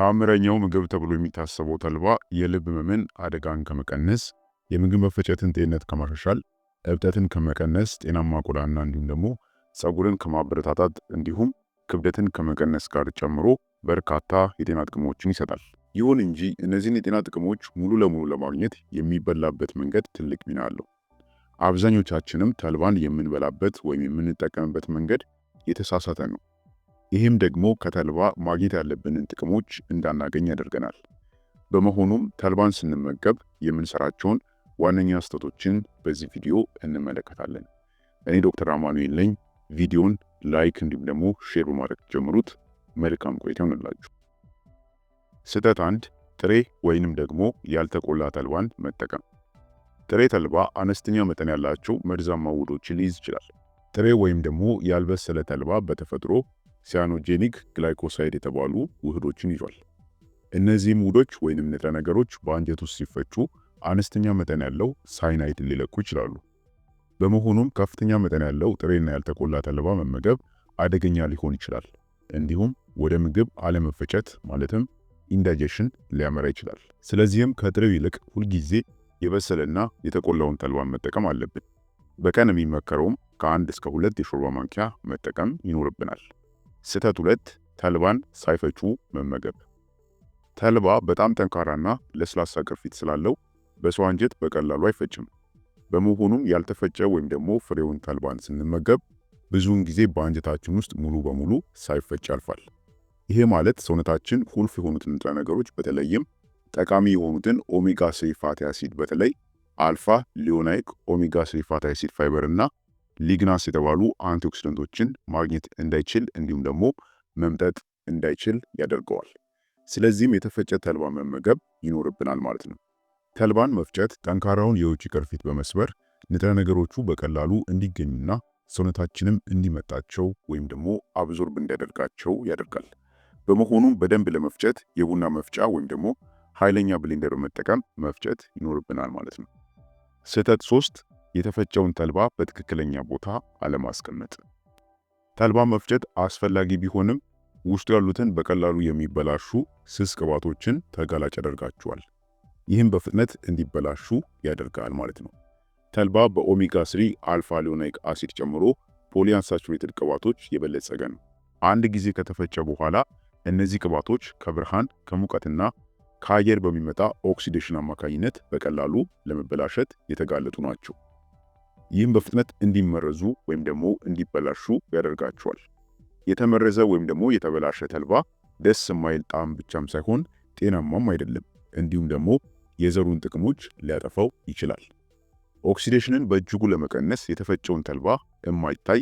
ተአምረኛው ምግብ ተብሎ የሚታሰበው ተልባ የልብ ህመምን አደጋን ከመቀነስ፣ የምግብ መፈጨትን ጤንነት ከማሻሻል፣ እብጠትን ከመቀነስ፣ ጤናማ ቆዳና እንዲሁም ደግሞ ጸጉርን ከማበረታታት እንዲሁም ክብደትን ከመቀነስ ጋር ጨምሮ በርካታ የጤና ጥቅሞችን ይሰጣል። ይሁን እንጂ እነዚህን የጤና ጥቅሞች ሙሉ ለሙሉ ለማግኘት የሚበላበት መንገድ ትልቅ ሚና አለው። አብዛኞቻችንም ተልባን የምንበላበት ወይም የምንጠቀምበት መንገድ የተሳሳተ ነው። ይህም ደግሞ ከተልባ ማግኘት ያለብንን ጥቅሞች እንዳናገኝ ያደርገናል። በመሆኑም ተልባን ስንመገብ የምንሰራቸውን ዋነኛ ስህተቶችን በዚህ ቪዲዮ እንመለከታለን። እኔ ዶክተር አማኑኤል ነኝ። ቪዲዮን ላይክ እንዲሁም ደግሞ ሼር በማድረግ ጀምሩት። መልካም ቆይታ ይሆንላችሁ። ስህተት አንድ ጥሬ ወይንም ደግሞ ያልተቆላ ተልባን መጠቀም። ጥሬ ተልባ አነስተኛ መጠን ያላቸው መርዛማ ውህዶችን ሊይዝ ይችላል። ጥሬ ወይም ደግሞ ያልበሰለ ተልባ በተፈጥሮ ሲያኖጄኒክ ግላይኮሳይድ የተባሉ ውህዶችን ይዟል። እነዚህም ውህዶች ወይንም ንጥረ ነገሮች በአንጀት ውስጥ ሲፈጩ አነስተኛ መጠን ያለው ሳይናይድ ሊለቁ ይችላሉ። በመሆኑም ከፍተኛ መጠን ያለው ጥሬና ያልተቆላ ተልባ መመገብ አደገኛ ሊሆን ይችላል። እንዲሁም ወደ ምግብ አለመፈጨት ማለትም ኢንዳይጀሽን ሊያመራ ይችላል። ስለዚህም ከጥሬው ይልቅ ሁልጊዜ የበሰለና የተቆላውን ተልባን መጠቀም አለብን። በቀን የሚመከረውም ከአንድ እስከ ሁለት የሾርባ ማንኪያ መጠቀም ይኖርብናል። ስህተት ሁለት ተልባን ሳይፈጩ መመገብ። ተልባ በጣም ጠንካራና ለስላሳ ቅርፊት ስላለው በሰው አንጀት በቀላሉ አይፈጭም። በመሆኑም ያልተፈጨ ወይም ደግሞ ፍሬውን ተልባን ስንመገብ ብዙውን ጊዜ በአንጀታችን ውስጥ ሙሉ በሙሉ ሳይፈጭ ያልፋል። ይሄ ማለት ሰውነታችን ቁልፍ የሆኑትን ንጥረ ነገሮች በተለይም ጠቃሚ የሆኑትን ኦሜጋ ስሪ ፋቲ አሲድ በተለይ አልፋ ሊዮናይክ ኦሜጋ ስሪ ፋቲ አሲድ ፋይበር እና ሊግናስ የተባሉ አንቲኦክሲደንቶችን ማግኘት እንዳይችል እንዲሁም ደግሞ መምጠጥ እንዳይችል ያደርገዋል። ስለዚህም የተፈጨ ተልባ መመገብ ይኖርብናል ማለት ነው። ተልባን መፍጨት ጠንካራውን የውጭ ቅርፊት በመስበር ንጥረ ነገሮቹ በቀላሉ እንዲገኙና ሰውነታችንም እንዲመጣቸው ወይም ደግሞ አብዞርብ እንዲያደርጋቸው ያደርጋል። በመሆኑም በደንብ ለመፍጨት የቡና መፍጫ ወይም ደግሞ ኃይለኛ ብሌንደር በመጠቀም መፍጨት ይኖርብናል ማለት ነው። ስህተት ሶስት የተፈጨውን ተልባ በትክክለኛ ቦታ አለማስቀመጥ። ተልባ መፍጨት አስፈላጊ ቢሆንም ውስጡ ያሉትን በቀላሉ የሚበላሹ ስስ ቅባቶችን ተጋላጭ ያደርጋቸዋል። ይህም በፍጥነት እንዲበላሹ ያደርጋል ማለት ነው። ተልባ በኦሜጋ 3 አልፋ ሊኖሌኒክ አሲድ ጨምሮ ፖሊአንሳቹሬትድ ቅባቶች የበለጸገ ነው። አንድ ጊዜ ከተፈጨ በኋላ እነዚህ ቅባቶች ከብርሃን ከሙቀትና ከአየር በሚመጣ ኦክሲዴሽን አማካኝነት በቀላሉ ለመበላሸት የተጋለጡ ናቸው። ይህም በፍጥነት እንዲመረዙ ወይም ደግሞ እንዲበላሹ ያደርጋቸዋል። የተመረዘ ወይም ደግሞ የተበላሸ ተልባ ደስ የማይል ጣዕም ብቻም ሳይሆን ጤናማም አይደለም፣ እንዲሁም ደግሞ የዘሩን ጥቅሞች ሊያጠፋው ይችላል። ኦክሲዴሽንን በእጅጉ ለመቀነስ የተፈጨውን ተልባ የማይታይ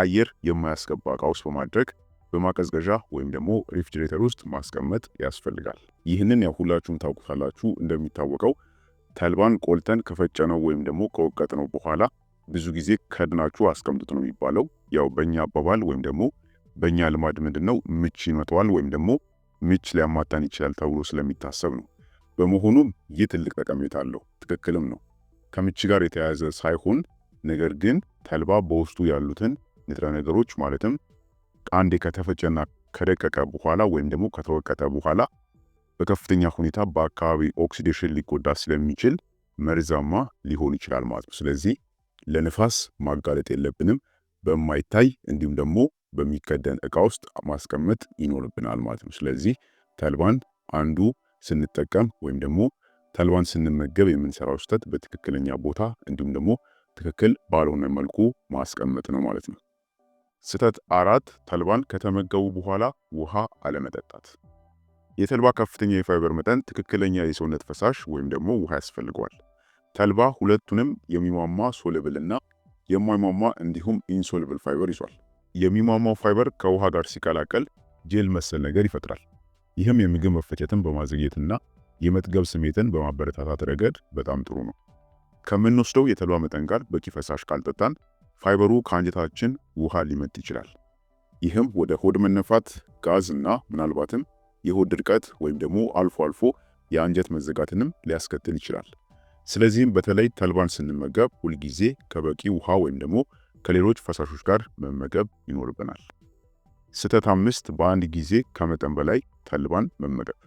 አየር የማያስገባ እቃ ውስጥ በማድረግ በማቀዝቀዣ ወይም ደግሞ ሪፍሪጅሬተር ውስጥ ማስቀመጥ ያስፈልጋል። ይህንን ያው ሁላችሁም ታውቁታላችሁ። እንደሚታወቀው ተልባን ቆልተን ከፈጨነው ወይም ደግሞ ከወቀጥነው በኋላ ብዙ ጊዜ ከድናችሁ አስቀምጡት ነው የሚባለው። ያው በእኛ አባባል ወይም ደግሞ በእኛ ልማድ ምንድን ነው ምች ይመተዋል ወይም ደግሞ ምች ሊያማታን ይችላል ተብሎ ስለሚታሰብ ነው። በመሆኑም ይህ ትልቅ ጠቀሜታ አለው፣ ትክክልም ነው። ከምች ጋር የተያያዘ ሳይሆን ነገር ግን ተልባ በውስጡ ያሉትን ንጥረ ነገሮች ማለትም አንዴ ከተፈጨና ከደቀቀ በኋላ ወይም ደግሞ ከተወቀጠ በኋላ በከፍተኛ ሁኔታ በአካባቢ ኦክሲዴሽን ሊጎዳ ስለሚችል መርዛማ ሊሆን ይችላል ማለት ነው። ስለዚህ ለንፋስ ማጋለጥ የለብንም። በማይታይ እንዲሁም ደግሞ በሚከደን እቃ ውስጥ ማስቀመጥ ይኖርብናል ማለት ነው። ስለዚህ ተልባን አንዱ ስንጠቀም ወይም ደግሞ ተልባን ስንመገብ የምንሰራው ስህተት በትክክለኛ ቦታ እንዲሁም ደግሞ ትክክል ባልሆነ መልኩ ማስቀመጥ ነው ማለት ነው። ስህተት አራት ተልባን ከተመገቡ በኋላ ውሃ አለመጠጣት። የተልባ ከፍተኛ የፋይበር መጠን ትክክለኛ የሰውነት ፈሳሽ ወይም ደግሞ ውሃ ያስፈልገዋል። ተልባ ሁለቱንም የሚሟሟ ሶልብል እና የማይሟሟ እንዲሁም ኢንሶልብል ፋይበር ይዟል። የሚሟሟው ፋይበር ከውሃ ጋር ሲቀላቀል ጄል መሰል ነገር ይፈጥራል። ይህም የምግብ መፈጨትን በማዘግየትና የመጥገብ ስሜትን በማበረታታት ረገድ በጣም ጥሩ ነው። ከምንወስደው የተልባ መጠን ጋር በቂ ፈሳሽ ካልጠጣን ፋይበሩ ከአንጀታችን ውሃ ሊመጥ ይችላል። ይህም ወደ ሆድ መነፋት፣ ጋዝ እና ምናልባትም የሆድ ድርቀት ወይም ደግሞ አልፎ አልፎ የአንጀት መዘጋትንም ሊያስከትል ይችላል። ስለዚህም በተለይ ተልባን ስንመገብ ሁልጊዜ ከበቂ ውሃ ወይም ደግሞ ከሌሎች ፈሳሾች ጋር መመገብ ይኖርብናል። ስህተት አምስት በአንድ ጊዜ ከመጠን በላይ ተልባን መመገብ።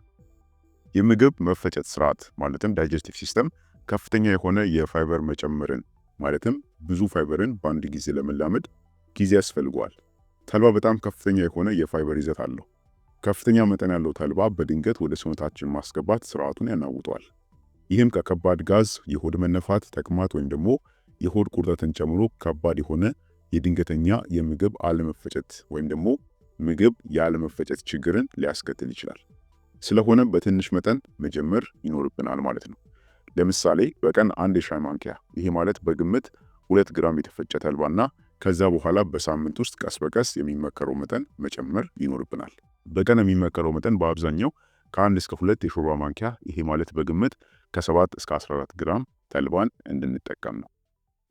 የምግብ መፈጨት ስርዓት ማለትም ዳይጀስቲቭ ሲስተም ከፍተኛ የሆነ የፋይበር መጨመርን ማለትም ብዙ ፋይበርን በአንድ ጊዜ ለመላመድ ጊዜ ያስፈልገዋል። ተልባ በጣም ከፍተኛ የሆነ የፋይበር ይዘት አለው። ከፍተኛ መጠን ያለው ተልባ በድንገት ወደ ሰውነታችን ማስገባት ስርዓቱን ያናውጠዋል። ይህም ከከባድ ጋዝ፣ የሆድ መነፋት፣ ተቅማጥ ወይም ደግሞ የሆድ ቁርጠትን ጨምሮ ከባድ የሆነ የድንገተኛ የምግብ አለመፈጨት ወይም ደግሞ ምግብ ያለመፈጨት ችግርን ሊያስከትል ይችላል። ስለሆነ በትንሽ መጠን መጀመር ይኖርብናል ማለት ነው። ለምሳሌ በቀን አንድ የሻይ ማንኪያ ይሄ ማለት በግምት ሁለት ግራም የተፈጨ ተልባና ከዛ በኋላ በሳምንት ውስጥ ቀስ በቀስ የሚመከረው መጠን መጨመር ይኖርብናል። በቀን የሚመከረው መጠን በአብዛኛው ከአንድ እስከ ሁለት የሾርባ ማንኪያ ይሄ ማለት በግምት ከ7 እስከ 14 ግራም ተልባን እንድንጠቀም ነው።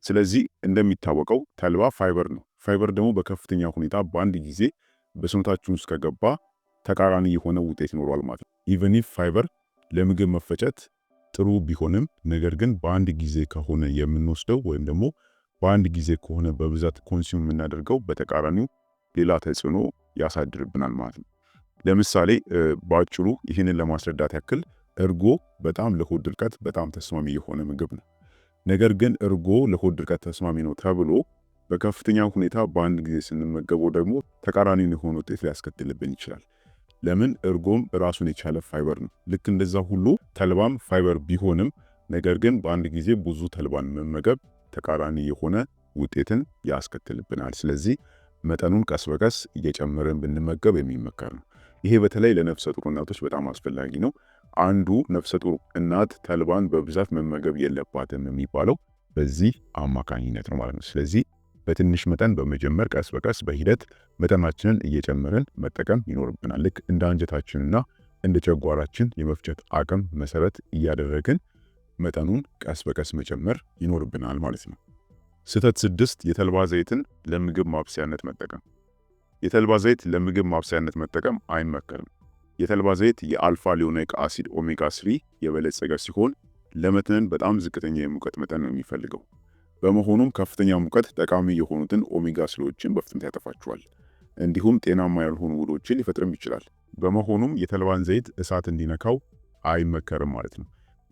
ስለዚህ እንደሚታወቀው ተልባ ፋይበር ነው። ፋይበር ደግሞ በከፍተኛ ሁኔታ በአንድ ጊዜ በሰውነታችን ውስጥ ከገባ ተቃራኒ የሆነ ውጤት ይኖረዋል ማለት ነው። ኢቨን ኢፍ ፋይበር ለምግብ መፈጨት ጥሩ ቢሆንም ነገር ግን በአንድ ጊዜ ከሆነ የምንወስደው ወይም ደግሞ በአንድ ጊዜ ከሆነ በብዛት ኮንሱም የምናደርገው በተቃራኒው ሌላ ተጽዕኖ ያሳድርብናል ማለት ነው። ለምሳሌ በአጭሩ ይህንን ለማስረዳት ያክል እርጎ በጣም ለሆድ ድርቀት በጣም ተስማሚ የሆነ ምግብ ነው። ነገር ግን እርጎ ለሆድ ድርቀት ተስማሚ ነው ተብሎ በከፍተኛ ሁኔታ በአንድ ጊዜ ስንመገበው ደግሞ ተቃራኒውን የሆነ ውጤት ሊያስከትልብን ይችላል። ለምን? እርጎም ራሱን የቻለ ፋይበር ነው። ልክ እንደዛ ሁሉ ተልባም ፋይበር ቢሆንም ነገር ግን በአንድ ጊዜ ብዙ ተልባን መመገብ ተቃራኒ የሆነ ውጤትን ያስከትልብናል። ስለዚህ መጠኑን ቀስ በቀስ እየጨመረን ብንመገብ የሚመከር ነው። ይሄ በተለይ ለነፍሰ ጡር እናቶች በጣም አስፈላጊ ነው። አንዱ ነፍሰ ጡር እናት ተልባን በብዛት መመገብ የለባትም የሚባለው በዚህ አማካኝነት ነው ማለት ነው። ስለዚህ በትንሽ መጠን በመጀመር ቀስ በቀስ በሂደት መጠናችንን እየጨመርን መጠቀም ይኖርብናል። ልክ እንደ አንጀታችንና እንደ ጨጓራችን የመፍጨት አቅም መሰረት እያደረግን መጠኑን ቀስ በቀስ መጨመር ይኖርብናል ማለት ነው። ስህተት ስድስት የተልባ ዘይትን ለምግብ ማብሰያነት መጠቀም የተልባ ዘይት ለምግብ ማብሰያነት መጠቀም አይመከርም። የተልባ ዘይት የአልፋ ሊኖሌክ አሲድ ኦሜጋ 3 የበለጸገ ሲሆን ለመትነን በጣም ዝቅተኛ የሙቀት መጠን ነው የሚፈልገው። በመሆኑም ከፍተኛ ሙቀት ጠቃሚ የሆኑትን ኦሜጋ ስሪዎችን በፍጥነት ያጠፋቸዋል። እንዲሁም ጤናማ ያልሆኑ ውህዶችን ሊፈጥርም ይችላል። በመሆኑም የተልባን ዘይት እሳት እንዲነካው አይመከርም ማለት ነው።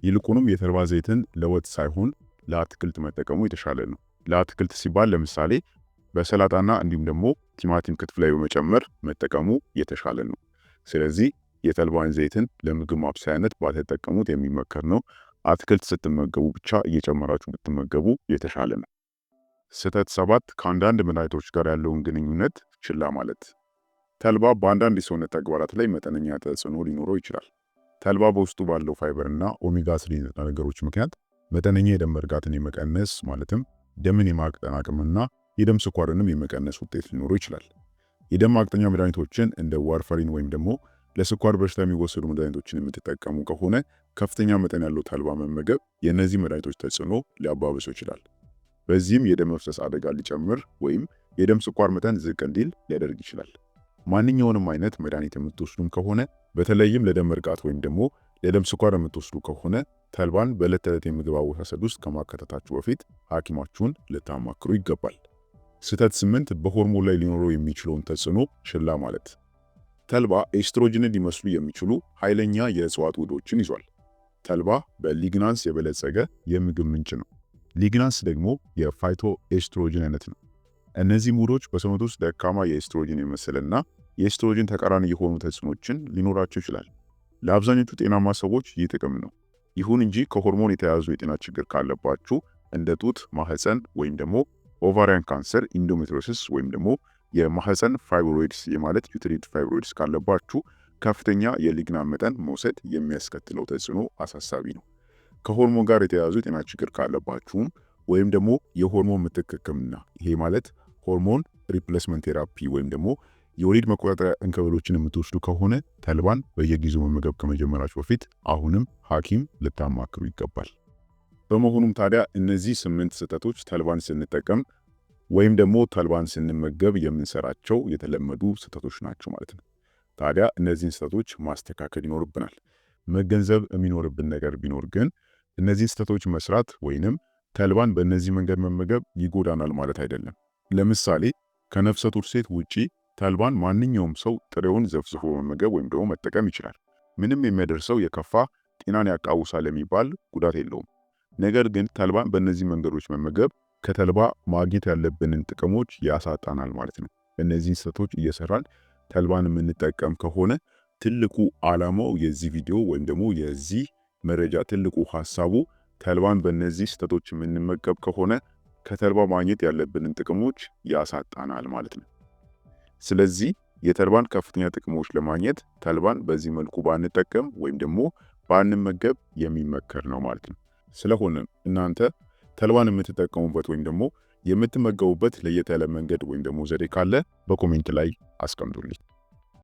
ይልቁንም የተልባ ዘይትን ለወጥ ሳይሆን ለአትክልት መጠቀሙ የተሻለ ነው። ለአትክልት ሲባል ለምሳሌ በሰላጣና እንዲሁም ደግሞ ቲማቲም ክትፍ ላይ በመጨመር መጠቀሙ የተሻለ ነው። ስለዚህ የተልባን ዘይትን ለምግብ ማብሰያነት ባትጠቀሙት የሚመከር ነው። አትክልት ስትመገቡ ብቻ እየጨመራችሁ ብትመገቡ የተሻለ ነው። ስህተት ሰባት ከአንዳንድ መድኃኒቶች ጋር ያለውን ግንኙነት ችላ ማለት። ተልባ በአንዳንድ የሰውነት ተግባራት ላይ መጠነኛ ተጽዕኖ ሊኖረው ይችላል። ተልባ በውስጡ ባለው ፋይበር እና ኦሜጋ ስሪ ንጥረ ነገሮች ምክንያት መጠነኛ የደም እርጋትን የመቀነስ ማለትም ደምን የማቅጠን አቅምና የደም ስኳርንም የመቀነስ ውጤት ሊኖረው ይችላል። የደም ማቅጠኛ መድኃኒቶችን እንደ ዋርፈሪን ወይም ደግሞ ለስኳር በሽታ የሚወሰዱ መድኃኒቶችን የምትጠቀሙ ከሆነ ከፍተኛ መጠን ያለው ተልባ መመገብ የእነዚህ መድኃኒቶች ተጽዕኖ ሊያባብሰው ይችላል። በዚህም የደም መፍሰስ አደጋ ሊጨምር ወይም የደም ስኳር መጠን ዝቅ እንዲል ሊያደርግ ይችላል። ማንኛውንም አይነት መድኃኒት የምትወስዱም ከሆነ በተለይም ለደም እርቃት ወይም ደግሞ ለደም ስኳር የምትወስዱ ከሆነ ተልባን በዕለት ተዕለት የምግብ አወሳሰድ ውስጥ ከማካተታችሁ በፊት ሐኪማችሁን ልታማክሩ ይገባል። ስህተት ስምንት በሆርሞን ላይ ሊኖረው የሚችለውን ተጽዕኖ ችላ ማለት። ተልባ ኤስትሮጅንን ሊመስሉ የሚችሉ ኃይለኛ የእጽዋት ውህዶችን ይዟል። ተልባ በሊግናንስ የበለጸገ የምግብ ምንጭ ነው። ሊግናንስ ደግሞ የፋይቶ ኤስትሮጅን አይነት ነው። እነዚህ ውህዶች በሰውነት ውስጥ ደካማ የኤስትሮጅን የመሰለና የኤስትሮጅን ተቃራኒ የሆኑ ተጽዕኖችን ሊኖራቸው ይችላል። ለአብዛኞቹ ጤናማ ሰዎች ይህ ጥቅም ነው። ይሁን እንጂ ከሆርሞን የተያያዙ የጤና ችግር ካለባችሁ እንደ ጡት፣ ማህፀን ወይም ደግሞ ኦቫሪያን ካንሰር፣ ኢንዶሜትሪዮሲስ ወይም ደግሞ የማህፀን ፋይብሮይድስ የማለት ዩትሪድ ፋይብሮይድስ ካለባችሁ ከፍተኛ የሊግናን መጠን መውሰድ የሚያስከትለው ተጽዕኖ አሳሳቢ ነው። ከሆርሞን ጋር የተያያዙ የጤና ችግር ካለባችሁም ወይም ደግሞ የሆርሞን ምትክ ህክምና ይሄ ማለት ሆርሞን ሪፕሌስመንት ቴራፒ ወይም ደግሞ የወሊድ መቆጣጠሪያ እንክብሎችን የምትወስዱ ከሆነ ተልባን በየጊዜው መመገብ ከመጀመራችሁ በፊት አሁንም ሐኪም ልታማክሩ ይገባል። በመሆኑም ታዲያ እነዚህ ስምንት ስህተቶች ተልባን ስንጠቀም ወይም ደግሞ ተልባን ስንመገብ የምንሰራቸው የተለመዱ ስህተቶች ናቸው ማለት ነው። ታዲያ እነዚህን ስህተቶች ማስተካከል ይኖርብናል። መገንዘብ የሚኖርብን ነገር ቢኖር ግን እነዚህን ስህተቶች መስራት ወይንም ተልባን በእነዚህ መንገድ መመገብ ይጎዳናል ማለት አይደለም። ለምሳሌ ከነፍሰ ጡር ሴት ውጪ ተልባን ማንኛውም ሰው ጥሬውን ዘፍዝፎ መመገብ ወይም ደግሞ መጠቀም ይችላል። ምንም የሚያደርሰው የከፋ ጤናን ያቃውሳል የሚባል ጉዳት የለውም። ነገር ግን ተልባን በእነዚህ መንገዶች መመገብ ከተልባ ማግኘት ያለብንን ጥቅሞች ያሳጣናል ማለት ነው። እነዚህን ስህተቶች እየሰራን ተልባን የምንጠቀም ከሆነ ትልቁ ዓላማው የዚህ ቪዲዮ ወይም ደግሞ የዚህ መረጃ ትልቁ ሀሳቡ ተልባን በእነዚህ ስህተቶች የምንመገብ ከሆነ ከተልባ ማግኘት ያለብንን ጥቅሞች ያሳጣናል ማለት ነው። ስለዚህ የተልባን ከፍተኛ ጥቅሞች ለማግኘት ተልባን በዚህ መልኩ ባንጠቀም ወይም ደግሞ ባንመገብ የሚመከር ነው ማለት ነው። ስለሆነ እናንተ ተልባን የምትጠቀሙበት ወይም ደግሞ የምትመገቡበት ለየት ያለ መንገድ ወይም ደግሞ ዘዴ ካለ በኮሜንት ላይ አስቀምጡልኝ።